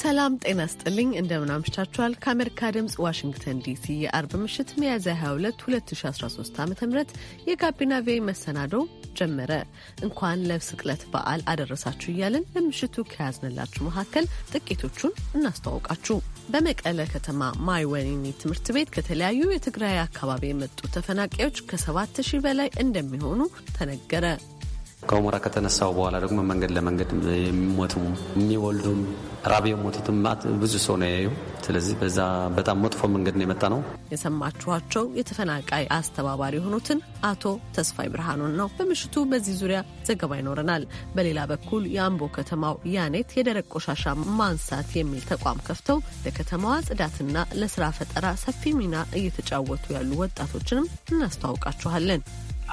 ሰላም ጤና ስጥልኝ። እንደምን አምሽታችኋል። ከአሜሪካ ድምፅ ዋሽንግተን ዲሲ የአርብ ምሽት ሚያዝያ 22 2013 ዓ ም የጋቢና ቪ መሰናዶ ጀመረ። እንኳን ለስቅለት በዓል አደረሳችሁ እያልን ለምሽቱ ከያዝንላችሁ መካከል ጥቂቶቹን እናስተዋውቃችሁ። በመቀለ ከተማ ማይ ወኒኒ ትምህርት ቤት ከተለያዩ የትግራይ አካባቢ የመጡ ተፈናቃዮች ከ7000 በላይ እንደሚሆኑ ተነገረ። ከሞራ ከተነሳው በኋላ ደግሞ መንገድ ለመንገድ የሚሞቱም የሚወልዱም ራብ የሞቱትም ብዙ ሰው ነው ያዩ። ስለዚህ በዛ በጣም መጥፎ መንገድ ነው የመጣ ነው። የሰማችኋቸው የተፈናቃይ አስተባባሪ የሆኑትን አቶ ተስፋይ ብርሃኑን ነው። በምሽቱ በዚህ ዙሪያ ዘገባ ይኖረናል። በሌላ በኩል የአምቦ ከተማው ያኔት የደረቅ ቆሻሻ ማንሳት የሚል ተቋም ከፍተው ለከተማዋ ጽዳትና ለስራ ፈጠራ ሰፊ ሚና እየተጫወቱ ያሉ ወጣቶችንም እናስተዋውቃችኋለን።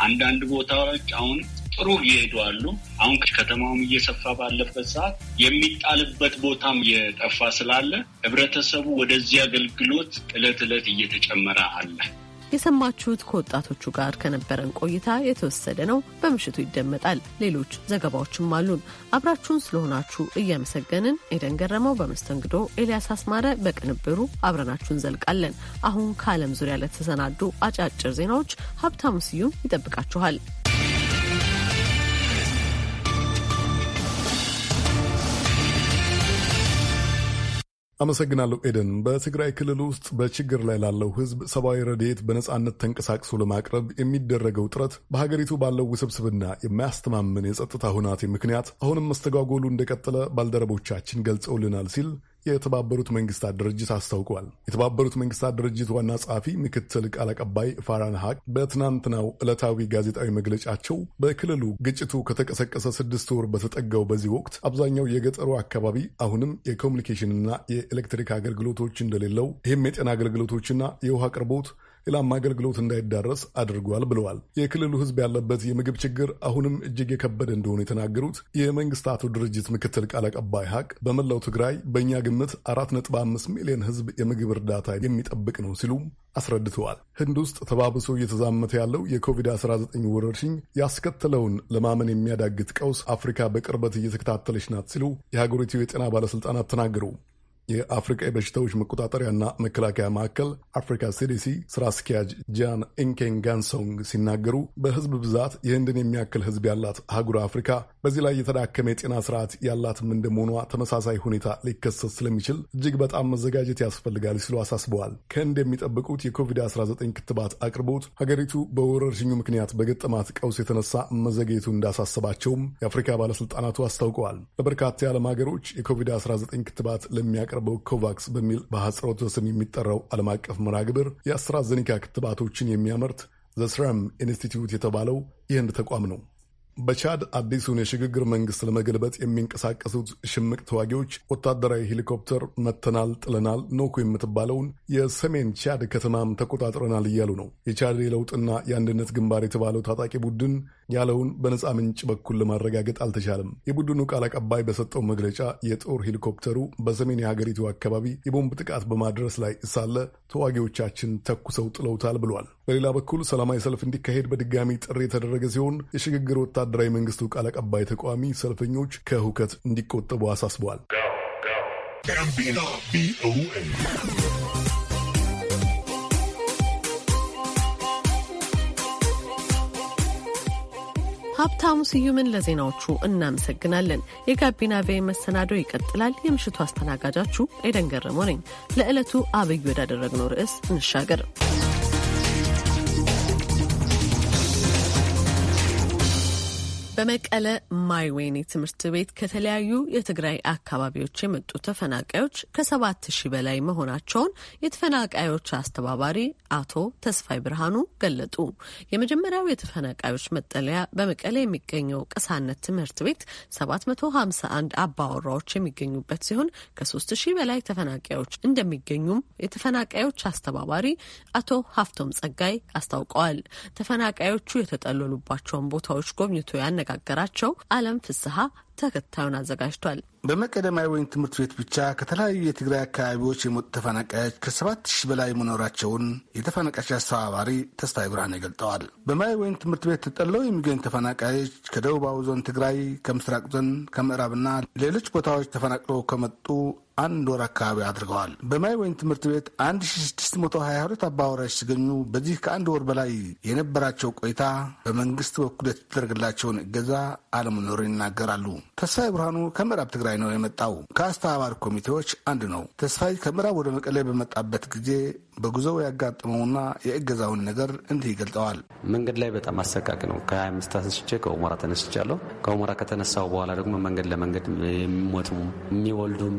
አንዳንድ ቦታዎች አሁን ጥሩ እየሄዱ አሉ። አሁን ከተማውም እየሰፋ ባለበት ሰዓት የሚጣልበት ቦታም እየጠፋ ስላለ ህብረተሰቡ ወደዚህ አገልግሎት እለት እለት እየተጨመረ አለ። የሰማችሁት ከወጣቶቹ ጋር ከነበረን ቆይታ የተወሰደ ነው። በምሽቱ ይደመጣል። ሌሎች ዘገባዎችም አሉን። አብራችሁን ስለሆናችሁ እያመሰገንን ኤደን ገረመው በመስተንግዶ፣ ኤልያስ አስማረ በቅንብሩ አብረናችሁ እንዘልቃለን። አሁን ከዓለም ዙሪያ ለተሰናዱ አጫጭር ዜናዎች ሀብታሙ ስዩም ይጠብቃችኋል። አመሰግናለሁ ኤደን። በትግራይ ክልል ውስጥ በችግር ላይ ላለው ህዝብ ሰብአዊ ረድኤት በነጻነት ተንቀሳቅሶ ለማቅረብ የሚደረገው ጥረት በሀገሪቱ ባለው ውስብስብና የማያስተማምን የጸጥታ ሁናቴ ምክንያት አሁንም መስተጓጎሉ እንደቀጠለ ባልደረቦቻችን ገልጸውልናል ሲል የተባበሩት መንግስታት ድርጅት አስታውቋል። የተባበሩት መንግስታት ድርጅት ዋና ጸሐፊ ምክትል ቃል አቀባይ ፋራን ሀቅ በትናንትናው ዕለታዊ ጋዜጣዊ መግለጫቸው በክልሉ ግጭቱ ከተቀሰቀሰ ስድስት ወር በተጠጋው በዚህ ወቅት አብዛኛው የገጠሩ አካባቢ አሁንም የኮሚኒኬሽንና የኤሌክትሪክ አገልግሎቶች እንደሌለው፣ ይህም የጤና አገልግሎቶችና የውሃ አቅርቦት ሌላም አገልግሎት እንዳይዳረስ አድርጓል ብለዋል። የክልሉ ሕዝብ ያለበት የምግብ ችግር አሁንም እጅግ የከበደ እንደሆነ የተናገሩት የመንግስታቱ ድርጅት ምክትል ቃል አቀባይ ሀቅ በመላው ትግራይ በእኛ ግምት አራት ነጥብ አምስት ሚሊዮን ሕዝብ የምግብ እርዳታ የሚጠብቅ ነው ሲሉም አስረድተዋል። ህንድ ውስጥ ተባብሶ እየተዛመተ ያለው የኮቪድ-19 ወረርሽኝ ያስከተለውን ለማመን የሚያዳግት ቀውስ አፍሪካ በቅርበት እየተከታተለች ናት ሲሉ የሀገሪቱ የጤና ባለሥልጣናት ተናገሩ። የአፍሪቃ የበሽታዎች መቆጣጠሪያና መከላከያ ማዕከል አፍሪካ ሲዲሲ ስራ አስኪያጅ ጃን ኢንኬን ጋንሶንግ ሲናገሩ በህዝብ ብዛት የህንድን የሚያክል ህዝብ ያላት አህጉር አፍሪካ በዚህ ላይ የተዳከመ የጤና ስርዓት ያላትም እንደመሆኗ ተመሳሳይ ሁኔታ ሊከሰት ስለሚችል እጅግ በጣም መዘጋጀት ያስፈልጋል ሲሉ አሳስበዋል። ከህንድ የሚጠብቁት የኮቪድ-19 ክትባት አቅርቦት ሀገሪቱ በወረርሽኙ ምክንያት በገጠማት ቀውስ የተነሳ መዘግየቱ እንዳሳሰባቸውም የአፍሪካ ባለስልጣናቱ አስታውቀዋል። በበርካታ የዓለም ሀገሮች የኮቪድ-19 ክትባት ለሚያቀርብ የሚቀርበው ኮቫክስ በሚል በአህጽሮተ ስም የሚጠራው ዓለም አቀፍ መርሃ ግብር የአስትራዘኒካ ክትባቶችን የሚያመርት ዘስራም ኢንስቲትዩት የተባለው የህንድ ተቋም ነው። በቻድ አዲሱን የሽግግር መንግሥት ለመገልበጥ የሚንቀሳቀሱት ሽምቅ ተዋጊዎች ወታደራዊ ሄሊኮፕተር መተናል ጥለናል ኖኩ የምትባለውን የሰሜን ቻድ ከተማም ተቆጣጥረናል እያሉ ነው። የቻድ የለውጥና የአንድነት ግንባር የተባለው ታጣቂ ቡድን ያለውን በነፃ ምንጭ በኩል ለማረጋገጥ አልተቻለም። የቡድኑ ቃል አቀባይ በሰጠው መግለጫ የጦር ሄሊኮፕተሩ በሰሜን የሀገሪቱ አካባቢ የቦምብ ጥቃት በማድረስ ላይ ሳለ ተዋጊዎቻችን ተኩሰው ጥለውታል ብሏል። በሌላ በኩል ሰላማዊ ሰልፍ እንዲካሄድ በድጋሚ ጥሪ የተደረገ ሲሆን የሽግግር ወታደራዊ መንግስቱ ቃል አቀባይ ተቃዋሚ ሰልፈኞች ከሁከት እንዲቆጠቡ አሳስበዋል። ሀብታሙ ስዩምን ለዜናዎቹ እናመሰግናለን። የጋቢና ቬ መሰናዶ ይቀጥላል። የምሽቱ አስተናጋጃችሁ ኤደን ገረመ ነኝ። ለዕለቱ አብይ ወዳደረግነው ርዕስ እንሻገር። በመቀለ ማይዌኒ ትምህርት ቤት ከተለያዩ የትግራይ አካባቢዎች የመጡ ተፈናቃዮች ከሰባት ሺህ በላይ መሆናቸውን የተፈናቃዮች አስተባባሪ አቶ ተስፋይ ብርሃኑ ገለጡ። የመጀመሪያው የተፈናቃዮች መጠለያ በመቀለ የሚገኘው ቅሳነት ትምህርት ቤት 751 አባወራዎች የሚገኙበት ሲሆን ከሶስት ሺህ በላይ ተፈናቃዮች እንደሚገኙም የተፈናቃዮች አስተባባሪ አቶ ሀፍቶም ጸጋይ አስታውቀዋል። ተፈናቃዮቹ የተጠለሉባቸውን ቦታዎች ጎብኝቶ ያነ ያነጋገራቸው አለም ፍስሀ ተከታዩን አዘጋጅቷል። በመቀደማዊ ወይን ትምህርት ቤት ብቻ ከተለያዩ የትግራይ አካባቢዎች የመጡ ተፈናቃዮች ከሰባት ሺህ በላይ መኖራቸውን የተፈናቃዮች አስተባባሪ ተስፋ ብርሃን ይገልጠዋል። በማይ ወይን ትምህርት ቤት ተጠለው የሚገኙ ተፈናቃዮች ከደቡባዊ ዞን ትግራይ፣ ከምስራቅ ዞን፣ ከምዕራብና ሌሎች ቦታዎች ተፈናቅለው ከመጡ አንድ ወር አካባቢ አድርገዋል። በማይ ወይን ትምህርት ቤት 1622 አባወራሽ ሲገኙ በዚህ ከአንድ ወር በላይ የነበራቸው ቆይታ በመንግስት በኩል የተደረገላቸውን እገዛ አለመኖር ይናገራሉ። ተስፋዬ ብርሃኑ ከምዕራብ ትግራይ ነው የመጣው። ከአስተባባሪ ኮሚቴዎች አንዱ ነው። ተስፋዬ ከምዕራብ ወደ መቀሌ በመጣበት ጊዜ በጉዞው ያጋጠመውና የእገዛውን ነገር እንዲህ ይገልጠዋል። መንገድ ላይ በጣም አሰቃቂ ነው። ከ25 ተነስቼ ከሞራ ተነስቻለሁ። ከሞራ ከተነሳው በኋላ ደግሞ መንገድ ለመንገድ የሚሞቱም የሚወልዱም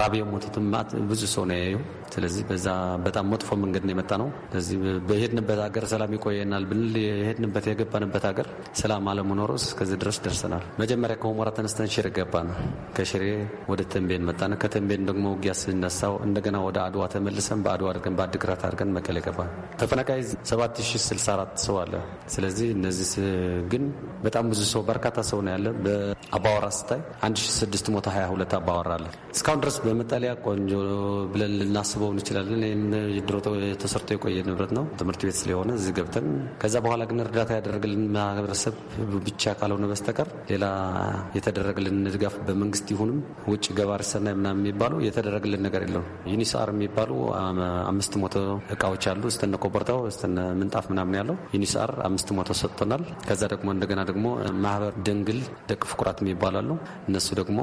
ራብ የሞቱትም ብዙ ሰው ነው ያየው። ስለዚህ በዛ በጣም መጥፎ መንገድ ነው የመጣ ነው። ስለዚህ በሄድንበት ሀገር ሰላም ይቆየናል ብንል የሄድንበት የገባንበት ሀገር ሰላም አለመኖሩ እስከዚህ ድረስ ደርሰናል። መጀመሪያ ከሁመራ ተነስተን ሽሬ ገባን። ከሽሬ ወደ ተንቤን መጣን። ከተንቤን ደግሞ ውጊያ ስነሳው እንደገና ወደ አድዋ ተመልሰን በአድዋ አድርገን በአድግራት አድርገን መቀሌ ገባን። ተፈናቃይ 7064 ሰው አለ። ስለዚህ እነዚህ ግን በጣም ብዙ ሰው በርካታ ሰው ነው ያለ። በአባወራ ስታይ 1622 አባወራ አለ እስካሁን ድረስ በመጠለያ ቆንጆ ብለን ልናስበው እንችላለን። ይህም ድሮ ተሰርቶ የቆየ ንብረት ነው፣ ትምህርት ቤት ስለሆነ እዚህ ገብተን ከዛ በኋላ ግን እርዳታ ያደረግልን ማህበረሰብ ብቻ ካልሆነ በስተቀር ሌላ የተደረግልን ድጋፍ በመንግስት ይሁንም ውጭ ገባር ሰናይ ምናምን የሚባሉ የተደረግልን ነገር የለም። ዩኒሳር የሚባሉ አምስት ሞቶ እቃዎች አሉ እስተነ ኮበርታው እስተነ ምንጣፍ ምናምን ያለው ዩኒሳር አምስት ሞቶ ሰጥቶናል። ከዛ ደግሞ እንደገና ደግሞ ማህበር ደንግል ደቅ ፍቁራት የሚባሉ አሉ እነሱ ደግሞ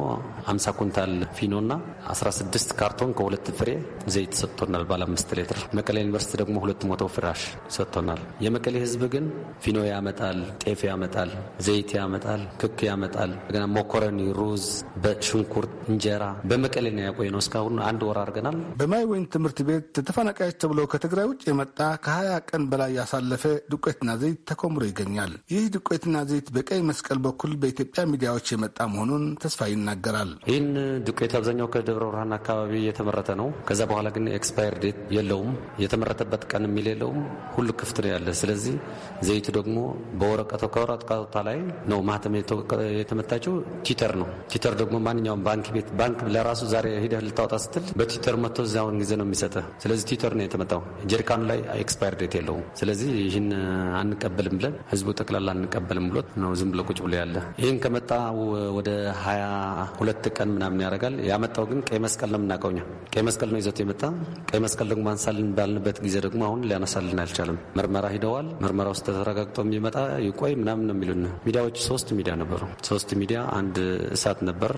አምሳ ኩንታል ፊኖና 16 ካርቶን ከሁለት ፍሬ ዘይት ሰጥቶናል። ባለ አምስት ሌትር መቀሌ ዩኒቨርሲቲ ደግሞ ሁለት መቶ ፍራሽ ሰጥቶናል። የመቀሌ ህዝብ ግን ፊኖ ያመጣል፣ ጤፍ ያመጣል፣ ዘይት ያመጣል፣ ክክ ያመጣል፣ ገና ሞኮረኒ፣ ሩዝ፣ በሽንኩርት እንጀራ በመቀሌ ነው ነው። እስካሁን አንድ ወር አድርገናል። በማይ ወይን ትምህርት ቤት ተፈናቃዮች ተብለው ከትግራይ ውጭ የመጣ ከ20 ቀን በላይ ያሳለፈ ዱቄትና ዘይት ተኮምሮ ይገኛል። ይህ ዱቄትና ዘይት በቀይ መስቀል በኩል በኢትዮጵያ ሚዲያዎች የመጣ መሆኑን ተስፋ ይናገራል። ይህን ዱቄት አብዛኛው ደብረ ብርሃን አካባቢ እየተመረተ ነው። ከዛ በኋላ ግን ኤክስፓየር ዴት የለውም፣ የተመረተበት ቀን የሚል የለውም። ሁሉ ክፍት ነው ያለ። ስለዚህ ዘይቱ ደግሞ በወረቀቶ ከወረቀቷ ላይ ነው ማህተም የተመታችው። ቲተር ነው። ቲተር ደግሞ ማንኛውም ባንክ ቤት ባንክ ለራሱ ዛሬ ሂደህ ልታወጣ ስትል በቲተር መጥቶ እዚያውን ጊዜ ነው የሚሰጠ። ስለዚህ ቲተር ነው የተመታው። ጀሪካኑ ላይ ኤክስፓየር ዴት የለውም። ስለዚህ ይህን አንቀበልም ብለን ህዝቡ ጠቅላላ አንቀበልም ብሎት ነው ዝም ብሎ ቁጭ ብሎ ያለ። ይህን ከመጣ ወደ ሀያ ሁለት ቀን ምናምን ያደርጋል። ያመጣው ግን ቀይ መስቀል ነው የምናውቀው እኛ። ቀይ መስቀል ነው ይዘት የመጣ ቀይ መስቀል ደግሞ አንሳልን ባልንበት ጊዜ ደግሞ አሁን ሊያነሳልን አልቻለም። ምርመራ ሂደዋል። ምርመራ ውስጥ ተረጋግጦ የሚመጣ ይቆይ ምናምን ነው የሚሉን ሚዲያዎች። ሶስት ሚዲያ ነበሩ። ሶስት ሚዲያ አንድ እሳት ነበር፣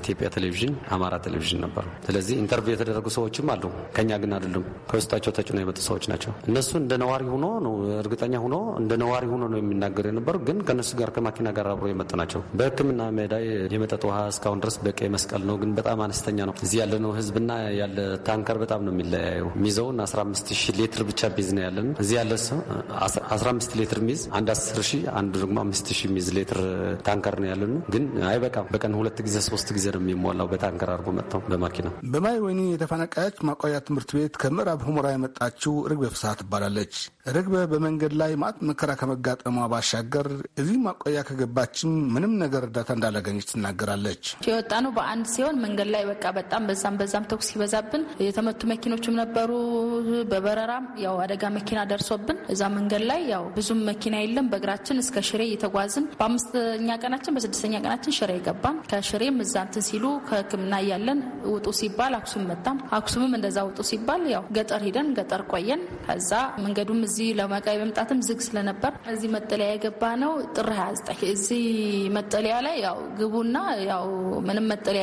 ኢትዮጵያ ቴሌቪዥን፣ አማራ ቴሌቪዥን ነበር። ስለዚህ ኢንተርቪው የተደረጉ ሰዎችም አሉ፣ ከኛ ግን አይደሉም። ከውስጣቸው ተጭኖ የመጡ ሰዎች ናቸው። እነሱ እንደ ነዋሪ ሆኖ ነው እርግጠኛ ሆኖ እንደ ነዋሪ ሆኖ ነው የሚናገሩ የነበሩ፣ ግን ከእነሱ ጋር ከማኪና ጋር አብሮ የመጡ ናቸው። በህክምና ሜዳ የመጠጥ ውሃ እስካሁን ድረስ በቀይ መስቀል ነው፣ ግን በጣም አነስተኛ ነው። እዚህ ያለነው ህዝብና ያለ ታንከር በጣም ነው የሚለያየው። ሚዘውን 15 ሺህ ሌትር ብቻ ቢዝ ነው ያለን። እዚህ ያለ ሰው 15 ሌትር ሚዝ አንድ 10 አንድ ደግሞ 5 ሚዝ ሌትር ታንከር ነው ያለን። ግን አይበቃም። በቀን ሁለት ጊዜ ሶስት ጊዜ ነው የሚሞላው በታንከር አድርጎ መጥተው በማኪና። በማይ ወይኒ የተፈናቃዮች ማቆያ ትምህርት ቤት ከምዕራብ ሁመራ የመጣችው ርግበ ፍስሀ ትባላለች። ርግበ በመንገድ ላይ ማጥ መከራ ከመጋጠሟ ባሻገር እዚህ ማቆያ ከገባችም ምንም ነገር እርዳታ እንዳላገኘች ትናገራለች። የወጣ ነው በአንድ ሲሆን መንገድ ላይ በቃ በጣም በዛም በዛም ተኩስ ሲበዛብን የተመቱ መኪኖችም ነበሩ። በበረራም ያው አደጋ መኪና ደርሶብን እዛ መንገድ ላይ ያው ብዙም መኪና የለም። በእግራችን እስከ ሽሬ እየተጓዝን በአምስተኛ ቀናችን በስድስተኛ ቀናችን ሽሬ ገባን። ከሽሬም እዛ እንትን ሲሉ ከህክምና እያለን ውጡ ሲባል አክሱም መጣም። አክሱምም እንደዛ ውጡ ሲባል ያው ገጠር ሂደን ገጠር ቆየን። ከዛ መንገዱም እዚህ ለመቃይ መምጣትም ዝግ ስለነበር እዚህ መጠለያ የገባ ነው ጥር 29 እዚህ መጠለያ ላይ ያው ግቡና ያው ምንም መጠለያ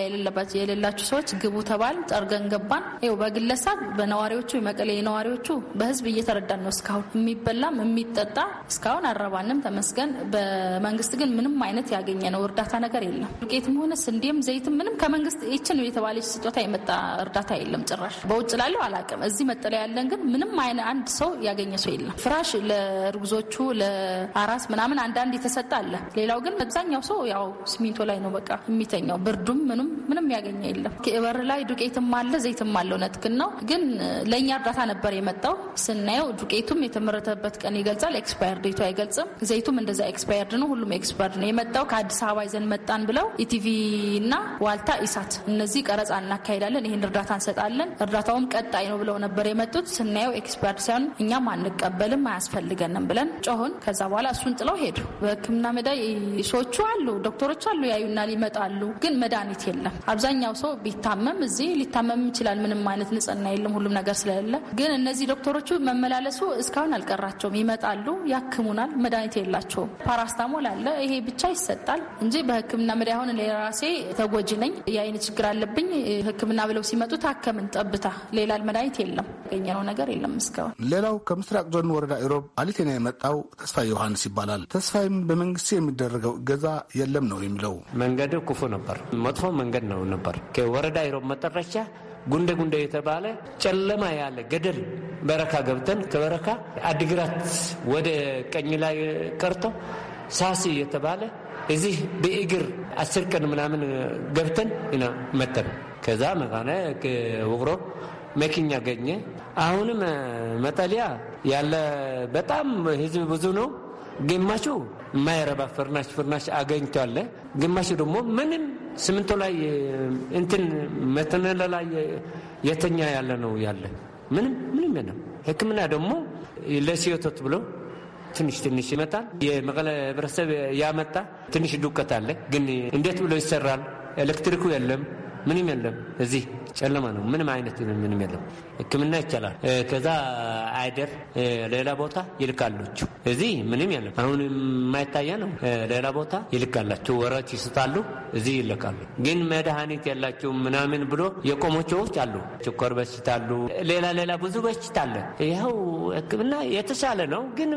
የሌላችሁ ሰው ሰዎች ግቡ ተባል ጠርገን ገባን። ይኸው በግለሰብ በነዋሪዎቹ የመቀሌ ነዋሪዎቹ በህዝብ እየተረዳን ነው። እስካሁን የሚበላም የሚጠጣ እስካሁን አረባንም ተመስገን። በመንግስት ግን ምንም አይነት ያገኘ ነው እርዳታ ነገር የለም። ዱቄትም ሆነ ስንዴም ዘይትም ምንም ከመንግስት ይችን የተባለች ስጦታ የመጣ እርዳታ የለም ጭራሽ። በውጭ ላለው አላውቅም። እዚህ መጠለያ ያለን ግን ምንም አይነ አንድ ሰው ያገኘ ሰው የለም። ፍራሽ ለእርጉዞቹ ለአራስ ምናምን አንዳንድ የተሰጠ አለ። ሌላው ግን አብዛኛው ሰው ያው ሲሚንቶ ላይ ነው በቃ የሚተኛው። ብርዱም ምንም ምንም ያገኘ የለም። በር ላይ ዱቄትም አለ ዘይትም አለ። እውነትህን ነው። ግን ለእኛ እርዳታ ነበር የመጣው። ስናየው ዱቄቱም የተመረተበት ቀን ይገልጻል፣ ኤክስፓየር ዴቱ አይገልጽም። ዘይቱም እንደዛ ኤክስፓየርድ ነው። ሁሉም ኤክስፓየርድ ነው። የመጣው ከአዲስ አበባ ይዘን መጣን ብለው ኢቲቪ እና ዋልታ፣ ኢሳት እነዚህ ቀረጻ እናካሄዳለን፣ ይህን እርዳታ እንሰጣለን፣ እርዳታውም ቀጣይ ነው ብለው ነበር የመጡት። ስናየው ኤክስፓየርድ ሳይሆን እኛም አንቀበልም አያስፈልገንም ብለን ጮሁን። ከዛ በኋላ እሱን ጥለው ሄዱ። በህክምና መዳይ ሰዎቹ አሉ፣ ዶክተሮች አሉ፣ ያዩናል፣ ይመጣሉ። ግን መድኃኒት የለም። አብዛኛው ሰው ቤት ሲታመም እዚህ ሊታመም ይችላል። ምንም አይነት ንጽህና የለም፣ ሁሉም ነገር ስለሌለ። ግን እነዚህ ዶክተሮቹ መመላለሱ እስካሁን አልቀራቸውም። ይመጣሉ፣ ያክሙናል። መድኃኒት የላቸውም። ፓራስታሞል አለ፣ ይሄ ብቻ ይሰጣል እንጂ በህክምና መድ አሁን ለራሴ ተጎጂ ነኝ፣ የአይን ችግር አለብኝ። ህክምና ብለው ሲመጡ ታከምን፣ ጠብታ፣ ሌላ መድኃኒት የለም። ያገኘነው ነገር የለም እስካሁን። ሌላው ከምስራቅ ዞን ወረዳ ኢሮብ አሊቴና የመጣው ተስፋ ዮሐንስ ይባላል። ተስፋይም በመንግስት የሚደረገው እገዛ የለም ነው የሚለው። መንገድ ክፉ ነበር፣ መጥፎ መንገድ ነው ነበር ወረዳ ይሮብ መጠረቻ ጉንደ ጉንደ የተባለ ጨለማ ያለ ገደል በረካ ገብተን ከበረካ አድግራት ወደ ቀኝ ላይ ቀርቶ ሳሲ የተባለ እዚህ በእግር አስር ቀን ምናምን ገብተን መጠን ከዛ መካነ ውቅሮ መኪና ገኘ። አሁንም መጠለያ ያለ በጣም ህዝብ ብዙ ነው። ግማሹ የማይረባ ፍርናሽ ፍርናሽ አገኝቷለ። ግማሹ ደግሞ ምንም ስምንቶ ላይ እንትን መተነለ ላይ የተኛ ያለ ነው ያለ ምንም ምንም የለም። ሕክምና ደግሞ ለሲዮቶት ብሎ ትንሽ ትንሽ ይመጣል። የመቀለ ህብረተሰብ ያመጣ ትንሽ ዱቀት አለ። ግን እንዴት ብሎ ይሰራል? ኤሌክትሪኩ የለም፣ ምንም የለም። እዚህ ጨለማ ነው። ምንም አይነት ምንም የለም። ህክምና ይቻላል። ከዛ አይደር ሌላ ቦታ ይልካሉች። እዚህ ምንም የለም። አሁን የማይታየ ነው። ሌላ ቦታ ይልካላቸው፣ ወረት ይስጣሉ፣ እዚህ ይልካሉ። ግን መድኃኒት ያላችሁ ምናምን ብሎ የቆሞቸዎች አሉ። ችኮር በሽታ አሉ፣ ሌላ ሌላ ብዙ በሽታ አለ። ይኸው ህክምና የተሻለ ነው፣ ግን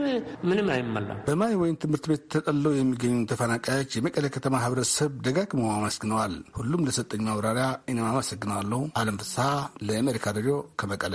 ምንም አይመላም። በማይ ወይን ትምህርት ቤት ተጠለው የሚገኙ ተፈናቃዮች የመቀለ ከተማ ህብረተሰብ ደጋግመው አመስግነዋል። ሁሉም ለሰጠኝ ማብራሪያ ኢነማመስ አመሰግናለሁ። አለም ፍስሐ ለአሜሪካ ሬዲዮ ከመቀለ።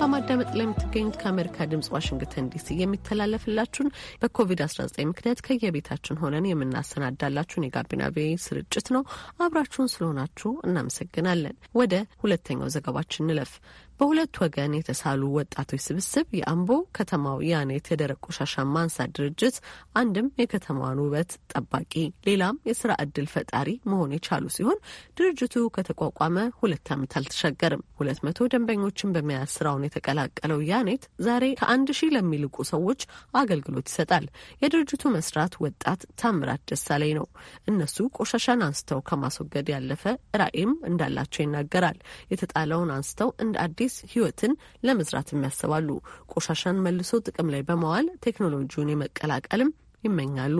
በማዳመጥ ላይ የምትገኙት ከአሜሪካ ድምጽ ዋሽንግተን ዲሲ የሚተላለፍላችሁን በኮቪድ-19 ምክንያት ከየቤታችን ሆነን የምናሰናዳላችሁን የጋቢና ቪ ስርጭት ነው። አብራችሁን ስለሆናችሁ እናመሰግናለን። ወደ ሁለተኛው ዘገባችን እንለፍ። በሁለት ወገን የተሳሉ ወጣቶች ስብስብ የአምቦ ከተማው ያኔት የደረቅ ቆሻሻ ማንሳት ድርጅት አንድም የከተማዋን ውበት ጠባቂ ሌላም የስራ እድል ፈጣሪ መሆን የቻሉ ሲሆን ድርጅቱ ከተቋቋመ ሁለት ዓመት አልተሻገርም። ሁለት መቶ ደንበኞችን በመያዝ ስራውን የተቀላቀለው ያኔት ዛሬ ከአንድ ሺህ ለሚልቁ ሰዎች አገልግሎት ይሰጣል። የድርጅቱ መስራት ወጣት ታምራት ደሳለኝ ነው። እነሱ ቆሻሻን አንስተው ከማስወገድ ያለፈ ራዕይም እንዳላቸው ይናገራል። የተጣለውን አንስተው እንደ አዲስ አዲስ ህይወትን ለመዝራትም ያስባሉ። ቆሻሻን መልሶ ጥቅም ላይ በመዋል ቴክኖሎጂውን የመቀላቀልም ይመኛሉ።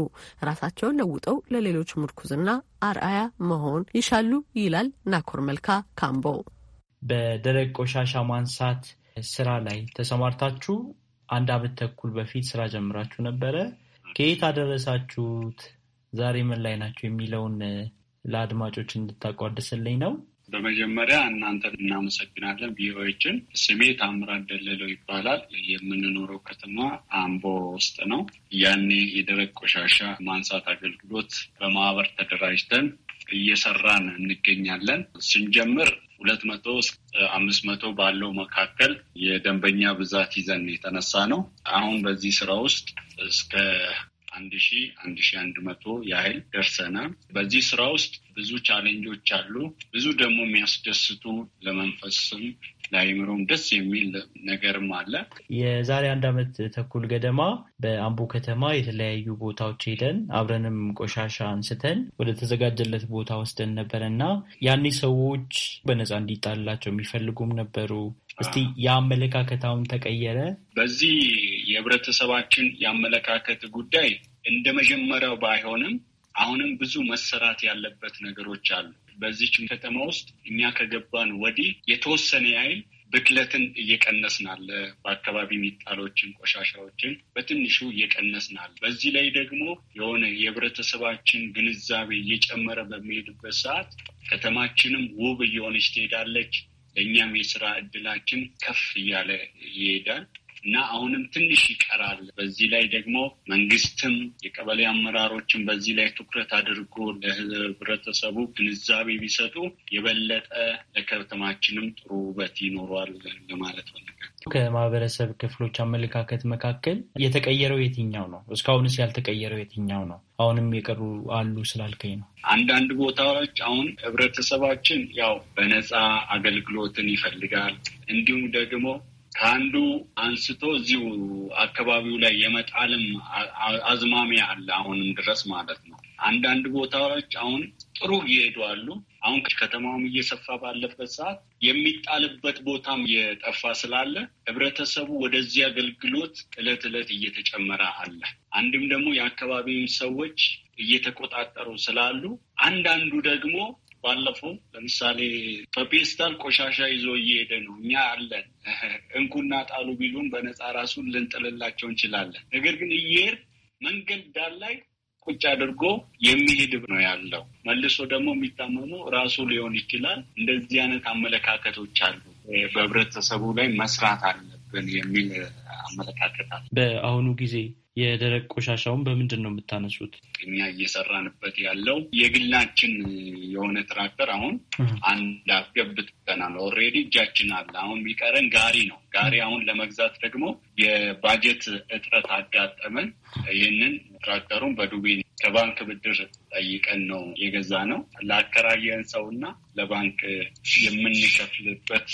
ራሳቸውን ለውጠው ለሌሎች ምርኩዝና አርአያ መሆን ይሻሉ ይላል ናኮር መልካ ካምቦ። በደረቅ ቆሻሻ ማንሳት ስራ ላይ ተሰማርታችሁ አንድ አመት ተኩል በፊት ስራ ጀምራችሁ ነበረ። ከየት አደረሳችሁት? ዛሬ ምን ላይ ናቸው? የሚለውን ለአድማጮች እንድታቋድስልኝ ነው። በመጀመሪያ እናንተ እናመሰግናለን ቪኦኤችን። ስሜ ታምራት ደለለው ይባላል። የምንኖረው ከተማ አምቦ ውስጥ ነው። ያኔ የደረቅ ቆሻሻ ማንሳት አገልግሎት በማህበር ተደራጅተን እየሰራን እንገኛለን። ስንጀምር ሁለት መቶ እስከ አምስት መቶ ባለው መካከል የደንበኛ ብዛት ይዘን የተነሳ ነው። አሁን በዚህ ስራ ውስጥ እስከ አንድ ሺ አንድ ሺ አንድ መቶ ያህል ደርሰናል። በዚህ ስራ ውስጥ ብዙ ቻሌንጆች አሉ። ብዙ ደግሞ የሚያስደስቱ ለመንፈስም ለአይምሮም ደስ የሚል ነገርም አለ። የዛሬ አንድ አመት ተኩል ገደማ በአምቦ ከተማ የተለያዩ ቦታዎች ሄደን አብረንም ቆሻሻ አንስተን ወደ ተዘጋጀለት ቦታ ወስደን ነበረ እና ያኔ ሰዎች በነፃ እንዲጣልላቸው የሚፈልጉም ነበሩ። እስቲ የአመለካከት አሁን ተቀየረ? በዚህ የህብረተሰባችን የአመለካከት ጉዳይ እንደ መጀመሪያው ባይሆንም አሁንም ብዙ መሰራት ያለበት ነገሮች አሉ። በዚች ከተማ ውስጥ እኛ ከገባን ወዲህ የተወሰነ ያይል ብክለትን እየቀነስናለ፣ በአካባቢ ሚጣሎችን ቆሻሻዎችን በትንሹ እየቀነስናለ። በዚህ ላይ ደግሞ የሆነ የህብረተሰባችን ግንዛቤ እየጨመረ በሚሄድበት ሰዓት ከተማችንም ውብ እየሆነች ትሄዳለች። ለእኛም የስራ እድላችን ከፍ እያለ ይሄዳል። እና አሁንም ትንሽ ይቀራል። በዚህ ላይ ደግሞ መንግስትም የቀበሌ አመራሮችም በዚህ ላይ ትኩረት አድርጎ ለህብረተሰቡ ግንዛቤ ቢሰጡ የበለጠ ለከተማችንም ጥሩ ውበት ይኖሯል ለማለት ፈልጋል። ከማህበረሰብ ክፍሎች አመለካከት መካከል የተቀየረው የትኛው ነው? እስካሁንስ ያልተቀየረው የትኛው ነው? አሁንም የቀሩ አሉ ስላልከኝ ነው። አንዳንድ ቦታዎች አሁን ህብረተሰባችን ያው በነፃ አገልግሎትን ይፈልጋል እንዲሁም ደግሞ ከአንዱ አንስቶ እዚሁ አካባቢው ላይ የመጣልም አዝማሚያ አለ አሁንም ድረስ ማለት ነው። አንዳንድ ቦታዎች አሁን ጥሩ እየሄዱ አሉ። አሁን ከተማውም እየሰፋ ባለበት ሰዓት የሚጣልበት ቦታም እየጠፋ ስላለ ህብረተሰቡ ወደዚህ አገልግሎት እለት እለት እየተጨመረ አለ። አንድም ደግሞ የአካባቢውን ሰዎች እየተቆጣጠሩ ስላሉ አንዳንዱ ደግሞ ባለፈው ለምሳሌ በፔስታል ቆሻሻ ይዞ እየሄደ ነው። እኛ አለን እንኩና ጣሉ ቢሉን በነፃ ራሱን ልንጥልላቸው እንችላለን። ነገር ግን እየሄድ መንገድ ዳር ላይ ቁጭ አድርጎ የሚሄድ ነው ያለው። መልሶ ደግሞ የሚታመመው ራሱ ሊሆን ይችላል። እንደዚህ አይነት አመለካከቶች አሉ። በህብረተሰቡ ላይ መስራት አለ። አለብን የሚል አለ። በአሁኑ ጊዜ የደረቅ ቆሻሻውን በምንድን ነው የምታነሱት? እኛ እየሰራንበት ያለው የግላችን የሆነ ትራክተር አሁን አንድ አስገብተናል። ኦልሬዲ እጃችን አለ። አሁን የሚቀረን ጋሪ ነው። ጋሪ አሁን ለመግዛት ደግሞ የባጀት እጥረት አጋጠመን። ይህንን ትራክተሩን በዱቤ ከባንክ ብድር ጠይቀን ነው የገዛ ነው። ላከራየን ሰው እና ለባንክ የምንከፍልበት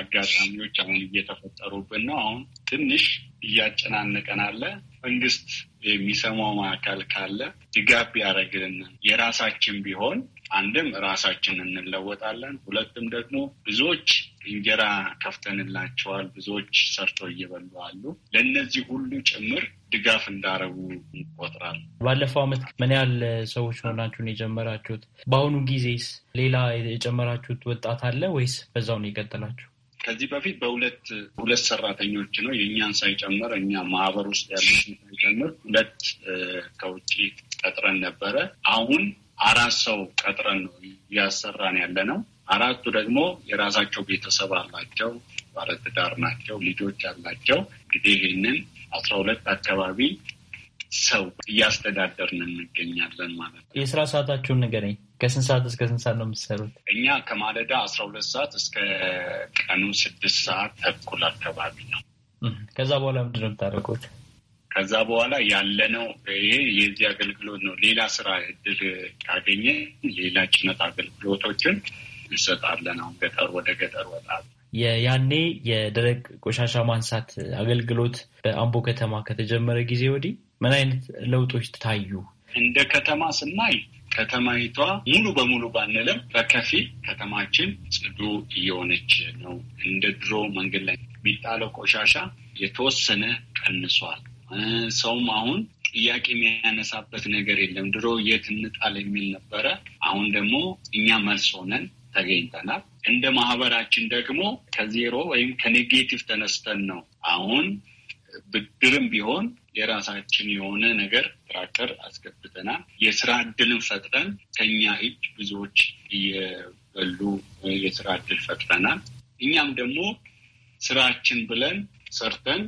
አጋጣሚዎች አሁን እየተፈጠሩብን ነው። አሁን ትንሽ እያጨናነቀን አለ። መንግስት የሚሰማው አካል ካለ ድጋፍ ቢያደርግልን የራሳችን ቢሆን አንድም ራሳችን እንለወጣለን፣ ሁለትም ደግሞ ብዙዎች እንጀራ ከፍተንላቸዋል፣ ብዙዎች ሰርቶ እየበሉ አሉ። ለእነዚህ ሁሉ ጭምር ድጋፍ እንዳረጉ ይቆጥራል። ባለፈው ዓመት ምን ያህል ሰዎች መሆናችሁን የጀመራችሁት? በአሁኑ ጊዜስ ሌላ የጨመራችሁት ወጣት አለ ወይስ በዛው ነው የቀጠላችሁ? ከዚህ በፊት በሁለት ሁለት ሰራተኞች ነው የእኛን ሳይጨምር እኛ ማህበር ውስጥ ያሉትን ሳይጨምር ሁለት ከውጭ ቀጥረን ነበረ። አሁን አራት ሰው ቀጥረን ነው እያሰራን ያለ ነው። አራቱ ደግሞ የራሳቸው ቤተሰብ አላቸው፣ ባለትዳር ናቸው፣ ልጆች አላቸው። እንግዲህ ይህንን አስራ ሁለት አካባቢ ሰው እያስተዳደርን እንገኛለን ማለት ነው። የስራ ሰዓታችሁን ንገረኝ። ከስንት ሰዓት እስከ ስንት ሰዓት ነው የምትሰሩት? እኛ ከማለዳ አስራ ሁለት ሰዓት እስከ ቀኑ ስድስት ሰዓት ተኩል አካባቢ ነው። ከዛ በኋላ ምንድን ነው የምታደርጉት? ከዛ በኋላ ያለ ነው። ይሄ የዚህ አገልግሎት ነው። ሌላ ስራ እድል ካገኘ ሌላ ጭነት አገልግሎቶችን እንሰጣለን። አሁን ገጠር ወደ ገጠር ወጣል። ያኔ የደረቅ ቆሻሻ ማንሳት አገልግሎት በአምቦ ከተማ ከተጀመረ ጊዜ ወዲህ ምን አይነት ለውጦች ታዩ? እንደ ከተማ ስናይ ከተማይቷ ሙሉ በሙሉ ባንልም በከፊል ከተማችን ጽዱ እየሆነች ነው። እንደ ድሮ መንገድ ላይ የሚጣለው ቆሻሻ የተወሰነ ቀንሷል። ሰውም አሁን ጥያቄ የሚያነሳበት ነገር የለም። ድሮ የት እንጣል የሚል ነበረ። አሁን ደግሞ እኛ መልስ ሆነን ተገኝተናል። እንደ ማህበራችን ደግሞ ከዜሮ ወይም ከኔጌቲቭ ተነስተን ነው አሁን ብድርም ቢሆን የራሳችን የሆነ ነገር ትራክተር አስገብተናል። የስራ እድልን ፈጥረን ከኛ እጅ ብዙዎች እየበሉ የስራ እድል ፈጥረናል። እኛም ደግሞ ስራችን ብለን ሰርተን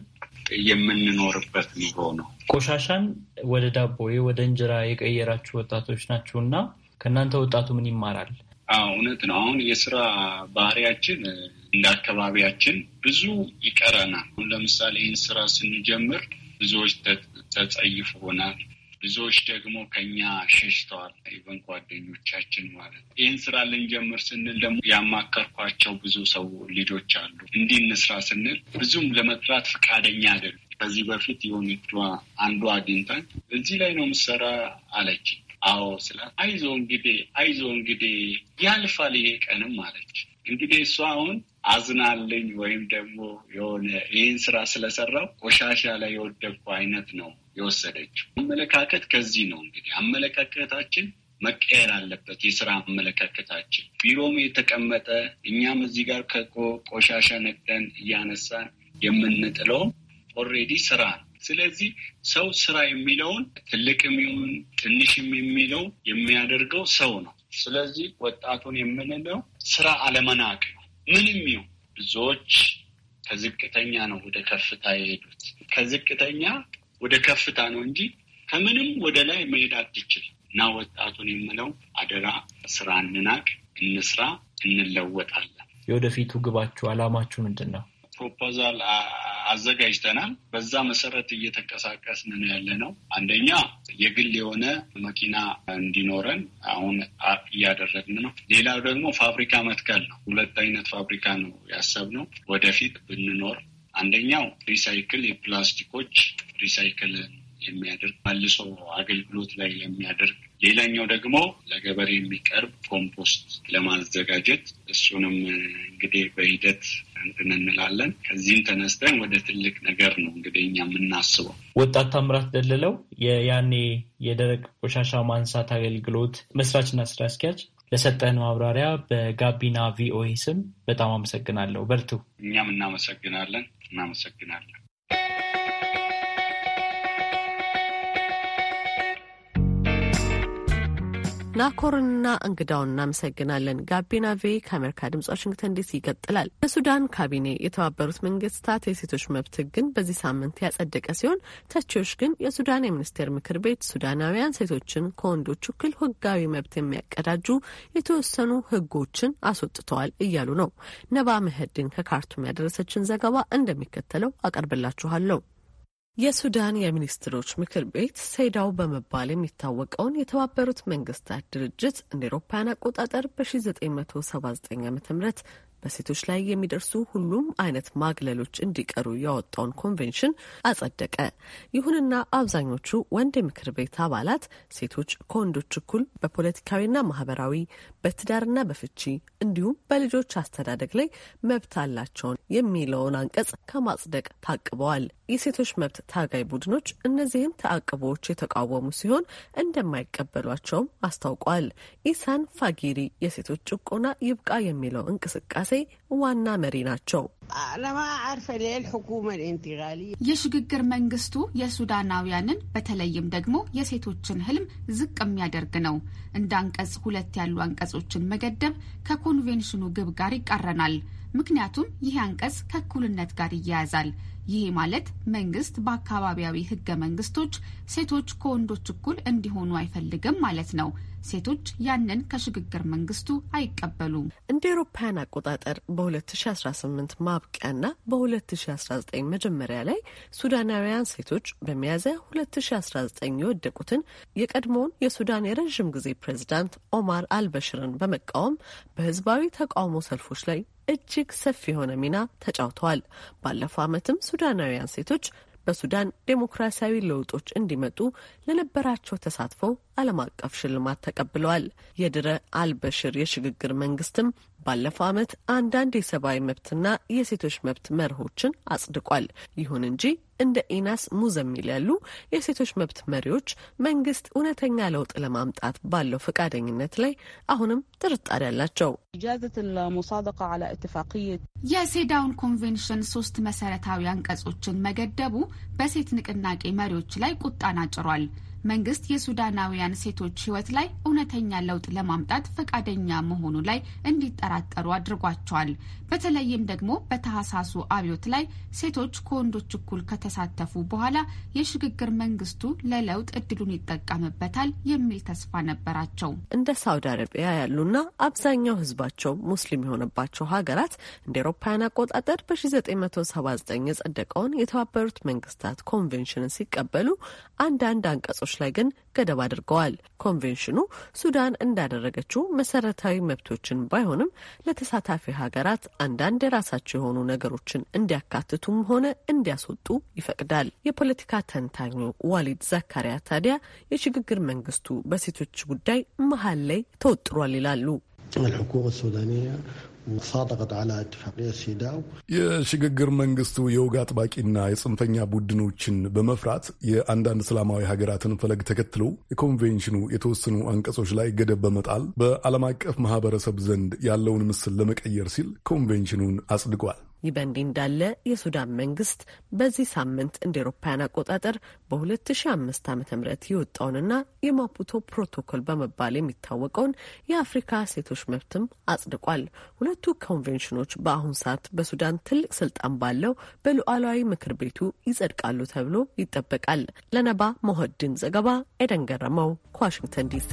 የምንኖርበት ኑሮ ነው። ቆሻሻን ወደ ዳቦ ወደ እንጀራ የቀየራችሁ ወጣቶች ናችሁ እና ከእናንተ ወጣቱ ምን ይማራል? እውነት ነው። አሁን የስራ ባህሪያችን እንደ አካባቢያችን ብዙ ይቀረናል። ለምሳሌ ይህን ስራ ስንጀምር ብዙዎች ተጸይፎናል። ብዙዎች ደግሞ ከኛ ሸሽተዋል። ኢቨን ጓደኞቻችን ማለት ነው። ይህን ስራ ልንጀምር ስንል ደግሞ ያማከርኳቸው ብዙ ሰው ልጆች አሉ። እንዲህ እንስራ ስንል ብዙም ለመጥራት ፈቃደኛ አይደሉ። ከዚህ በፊት የሆነች አንዷ አግኝታኝ እዚህ ላይ ነው የምትሰራ አለች። አዎ ስላ አይዞ እንግዲህ አይዞ እንግዲህ ያልፋል ይሄ ቀንም አለች። እንግዲህ እሷ አሁን አዝናለኝ ወይም ደግሞ የሆነ ይህን ስራ ስለሰራው ቆሻሻ ላይ የወደቅኩ አይነት ነው የወሰደችው። አመለካከት ከዚህ ነው እንግዲህ አመለካከታችን መቀየር አለበት። የስራ አመለካከታችን ቢሮም የተቀመጠ እኛም እዚህ ጋር ከቆሻሻ ነቅደን እያነሳን የምንጥለውም ኦሬዲ ስራ ነው። ስለዚህ ሰው ስራ የሚለውን ትልቅም ይሁን ትንሽም የሚለው የሚያደርገው ሰው ነው። ስለዚህ ወጣቱን የምንለው ስራ አለመናቅ ምንም ይሁን ብዙዎች ከዝቅተኛ ነው ወደ ከፍታ የሄዱት። ከዝቅተኛ ወደ ከፍታ ነው እንጂ ከምንም ወደ ላይ መሄድ አትችል እና ወጣቱን የምለው አደራ ስራ እንናቅ፣ እንስራ፣ እንለወጣለን። የወደፊቱ ግባችሁ አላማችሁ ምንድን ነው? ፕሮፖዛል አዘጋጅተናል። በዛ መሰረት እየተንቀሳቀስን ነው ያለ ነው። አንደኛ የግል የሆነ መኪና እንዲኖረን አሁን እያደረግን ነው። ሌላው ደግሞ ፋብሪካ መትከል ነው። ሁለት አይነት ፋብሪካ ነው ያሰብነው ወደፊት ብንኖር አንደኛው ሪሳይክል የፕላስቲኮች ሪሳይክል የሚያደርግ መልሶ አገልግሎት ላይ የሚያደርግ ሌላኛው ደግሞ ለገበሬ የሚቀርብ ኮምፖስት ለማዘጋጀት እሱንም እንግዲህ በሂደት እንትን እንላለን። ከዚህም ተነስተን ወደ ትልቅ ነገር ነው እንግዲህ እኛ የምናስበው። ወጣት ታምራት ደለለው የያኔ የደረቅ ቆሻሻ ማንሳት አገልግሎት መስራችና ስራ አስኪያጅ ለሰጠን ማብራሪያ በጋቢና ቪኦኤ ስም በጣም አመሰግናለሁ። በርቱ። እኛም እናመሰግናለን። እናመሰግናለን። ናኮርንና እንግዳውን እናመሰግናለን። ጋቢና ቬ ከአሜሪካ ድምጽ ዋሽንግተን ዲሲ ይቀጥላል። በሱዳን ካቢኔ የተባበሩት መንግስታት የሴቶች መብት ህግን በዚህ ሳምንት ያጸደቀ ሲሆን ተቺዎች ግን የሱዳን የሚኒስቴር ምክር ቤት ሱዳናውያን ሴቶችን ከወንዶች እኩል ህጋዊ መብት የሚያቀዳጁ የተወሰኑ ህጎችን አስወጥተዋል እያሉ ነው። ነባ መህድን ከካርቱም ያደረሰችን ዘገባ እንደሚከተለው አቀርብላችኋለሁ። የሱዳን የሚኒስትሮች ምክር ቤት ሴዳው በመባል የሚታወቀውን የተባበሩት መንግስታት ድርጅት እንደ ኤሮፓያን አቆጣጠር በ1979 ዓ ም በሴቶች ላይ የሚደርሱ ሁሉም አይነት ማግለሎች እንዲቀሩ ያወጣውን ኮንቬንሽን አጸደቀ። ይሁንና አብዛኞቹ ወንድ የምክር ቤት አባላት ሴቶች ከወንዶች እኩል በፖለቲካዊና ማህበራዊ፣ በትዳርና በፍቺ እንዲሁም በልጆች አስተዳደግ ላይ መብት አላቸውን የሚለውን አንቀጽ ከማጽደቅ ታቅበዋል። የሴቶች መብት ታጋይ ቡድኖች እነዚህን ተአቅቦዎች የተቃወሙ ሲሆን እንደማይቀበሏቸውም አስታውቋል። ኢሳን ፋጊሪ የሴቶች ጭቆና ይብቃ የሚለው እንቅስቃሴ ዋና መሪ ናቸው። የሽግግር መንግስቱ የሱዳናውያንን በተለይም ደግሞ የሴቶችን ህልም ዝቅ የሚያደርግ ነው። እንደ አንቀጽ ሁለት ያሉ አንቀጾችን መገደብ ከኮንቬንሽኑ ግብ ጋር ይቃረናል። ምክንያቱም ይህ አንቀጽ ከእኩልነት ጋር ይያያዛል። ይሄ ማለት መንግስት በአካባቢያዊ ህገ መንግስቶች ሴቶች ከወንዶች እኩል እንዲሆኑ አይፈልግም ማለት ነው። ሴቶች ያንን ከሽግግር መንግስቱ አይቀበሉም። እንደ ኤሮፓያን አቆጣጠር በ2018 ማብቂያና በ2019 መጀመሪያ ላይ ሱዳናውያን ሴቶች በሚያዝያ 2019 የወደቁትን የቀድሞውን የሱዳን የረዥም ጊዜ ፕሬዚዳንት ኦማር አልበሽርን በመቃወም በህዝባዊ ተቃውሞ ሰልፎች ላይ እጅግ ሰፊ የሆነ ሚና ተጫውተዋል። ባለፈው ዓመትም ሱዳናውያን ሴቶች በሱዳን ዴሞክራሲያዊ ለውጦች እንዲመጡ ለነበራቸው ተሳትፎ ዓለም አቀፍ ሽልማት ተቀብለዋል። የድረ አልበሽር የሽግግር መንግስትም ባለፈው ዓመት አንዳንድ የሰብአዊ መብትና የሴቶች መብት መርሆችን አጽድቋል። ይሁን እንጂ እንደ ኢናስ ሙዘሚል ያሉ የሴቶች መብት መሪዎች መንግስት እውነተኛ ለውጥ ለማምጣት ባለው ፈቃደኝነት ላይ አሁንም ጥርጣሬ አላቸው። የሴዳውን ኮንቬንሽን ሶስት መሰረታዊ አንቀጾችን መገደቡ በሴት ንቅናቄ መሪዎች ላይ ቁጣን አጭሯል። መንግስት የሱዳናውያን ሴቶች ህይወት ላይ እውነተኛ ለውጥ ለማምጣት ፈቃደኛ መሆኑ ላይ እንዲጠራጠሩ አድርጓቸዋል። በተለይም ደግሞ በታህሳሱ አብዮት ላይ ሴቶች ከወንዶች እኩል ከተሳተፉ በኋላ የሽግግር መንግስቱ ለለውጥ እድሉን ይጠቀምበታል የሚል ተስፋ ነበራቸው። እንደ ሳውዲ አረቢያ ያሉና አብዛኛው ህዝባቸው ሙስሊም የሆነባቸው ሀገራት እንደ ኤሮፓውያን አቆጣጠር በ1979 የጸደቀውን የተባበሩት መንግስታት ኮንቬንሽንን ሲቀበሉ አንዳንድ አንቀጾች መብቶች ላይ ግን ገደብ አድርገዋል። ኮንቬንሽኑ ሱዳን እንዳደረገችው መሰረታዊ መብቶችን ባይሆንም ለተሳታፊ ሀገራት አንዳንድ የራሳቸው የሆኑ ነገሮችን እንዲያካትቱም ሆነ እንዲያስወጡ ይፈቅዳል። የፖለቲካ ተንታኙ ዋሊድ ዘካሪያ ታዲያ የሽግግር መንግስቱ በሴቶች ጉዳይ መሀል ላይ ተወጥሯል ይላሉ። የሽግግር መንግስቱ የወግ አጥባቂና የጽንፈኛ ቡድኖችን በመፍራት የአንዳንድ እስላማዊ ሀገራትን ፈለግ ተከትሎ የኮንቬንሽኑ የተወሰኑ አንቀጾች ላይ ገደብ በመጣል በዓለም አቀፍ ማህበረሰብ ዘንድ ያለውን ምስል ለመቀየር ሲል ኮንቬንሽኑን አጽድቋል። ይህ በእንዲህ እንዳለ የሱዳን መንግስት በዚህ ሳምንት እንደ ኤሮፓውያን አቆጣጠር በ2005 ዓ ም የወጣውንና የማፑቶ ፕሮቶኮል በመባል የሚታወቀውን የአፍሪካ ሴቶች መብትም አጽድቋል። ሁለቱ ኮንቬንሽኖች በአሁን ሰዓት በሱዳን ትልቅ ስልጣን ባለው በሉዓላዊ ምክር ቤቱ ይጸድቃሉ ተብሎ ይጠበቃል። ለነባ መሆድን ዘገባ ኤደን ገረመው ከዋሽንግተን ዲሲ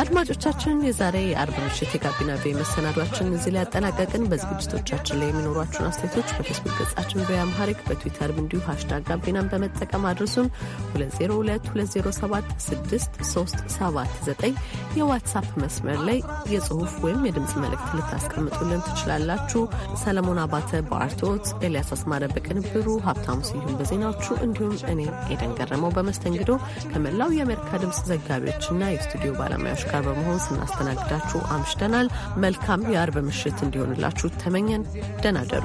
አድማጮቻችን የዛሬ የአርብ ምሽት የጋቢና ቪ መሰናዷችን እዚህ ላይ ያጠናቀቅን። በዝግጅቶቻችን ላይ የሚኖሯችሁን አስተያየቶች በፌስቡክ ገጻችን በያምሃሪክ በትዊተር እንዲሁ ሀሽታግ ጋቢናን በመጠቀም አድርሱን። 2022076379 የዋትሳፕ መስመር ላይ የጽሁፍ ወይም የድምፅ መልእክት ልታስቀምጡልን ትችላላችሁ። ሰለሞን አባተ በአርቶት፣ ኤልያስ አስማረ በቅንብሩ፣ ሀብታሙ ስዩም በዜናዎቹ እንዲሁም እኔ ኤደን ገረመው በመስተንግዶ ከመላው የአሜሪካ ድምፅ ዘጋቢዎችና የስቱዲዮ ባለሙያዎች ጋር በመሆን ስናስተናግዳችሁ አምሽተናል። መልካም የአርብ ምሽት እንዲሆንላችሁ ተመኘን። ደናደሩ